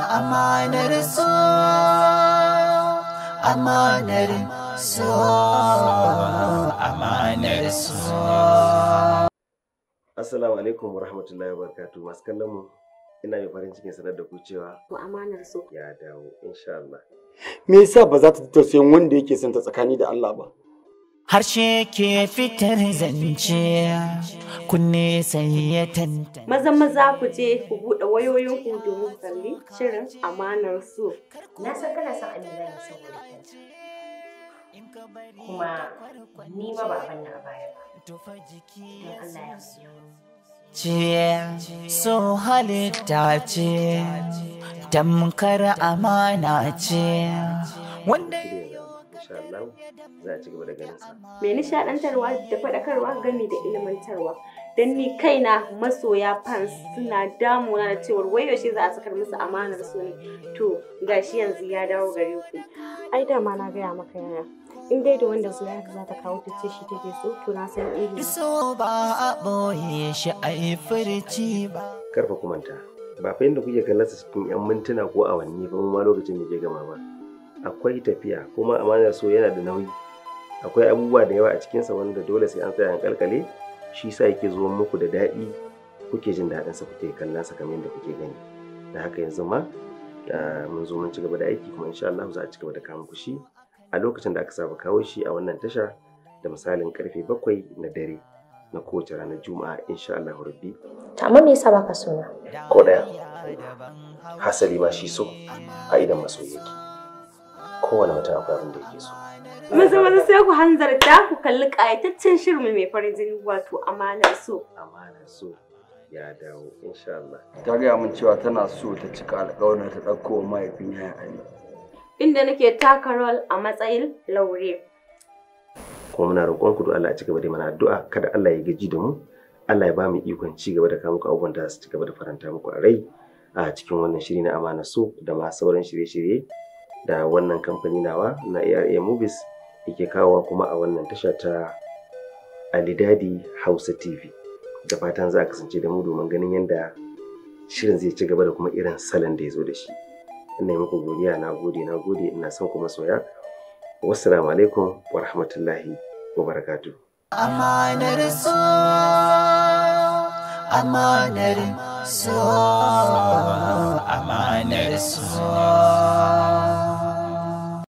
Amanar amanar Assalamu alaikum warahmatullahi wabarakatuh masu kallon mu ina mai farin cikin sanar da ku cewa ko amanar so ya dawo insha Allah. Me yasa ba za ta tausayin wanda yake son ta tsakani da Allah ba? Harshe ke fitar zance. kunne sai ya Maza maza ku je ku buɗe wayoyin ku domin kalli shirin amanar su. Na san kana san Amina ne saboda kuma ni ma ba ban a baya ba. Don Allah ya Ciye so halitta ce, tamkar amana ce, wanda insha Allah za a ci gaba da ganin sa mai nishaɗantarwa da faɗakarwa game da ilmantarwa dan ni kaina masoya fans suna damuna da cewar wai yaushe za a sakar musu amanar su ne to gashi yanzu ya dawo gare ku ai da ma na gaya maka yaya in dai da wanda zuwa za ta kawo ta ce shi take so to na san iri so ba a boye shi a yi ba karfa kumanta ba fa yadda kuke kallasa cikin 'yan mintuna ko awanni ba ma lokacin da ke gama ba akwai tafiya kuma amanar so yana da nauyi akwai abubuwa da yawa a cikinsa wanda dole sai an tsaya an kalkale shi sa yake zuwa muku da daɗi kuke jin daɗin sa kuke kallon sa kamar yadda kuke gani da haka yanzu ma mun zo mun ci gaba da aiki kuma insha Allah za a ci gaba da kawo shi a lokacin da aka saba kawo shi a wannan tasha da misalin karfe bakwai na dare na kowace ranar juma'a insha Allah rabbi ta amma me yasa baka suna ko daya hasali ma shi so a idan masoyi yake kowane wata akwai abin da yake so maza maza sai ku hanzarta ku kalli ƙayataccen shirin mai farin jini wato amanar so amanar so ya dawo insha Allah ta gaya min cewa tana so ta cika alƙawarin ta ɗauko mahaifin ya inda nake taka rol a matsayin laure kuma muna roƙon ku Allah ya ci gaba da mana addu'a kada Allah ya gaji da mu Allah ya ba mu ikon ci gaba da kawo muku abubuwan da su ci gaba da faranta muku a rai a cikin wannan shiri na amana so da ma sauran shirye-shirye da wannan kamfani nawa na ARA Movies yake kawowa kuma a wannan tasha ta Alidadi Hausa TV. Da fatan za a kasance da mu domin ganin yadda shirin zai ci gaba da kuma irin salon da ya zo da shi. Ina muku godiya na gode na gode ina son kuma soya. Wassalamu alaikum wa rahmatullahi wa barakatu Amanar amanar so, amanar so.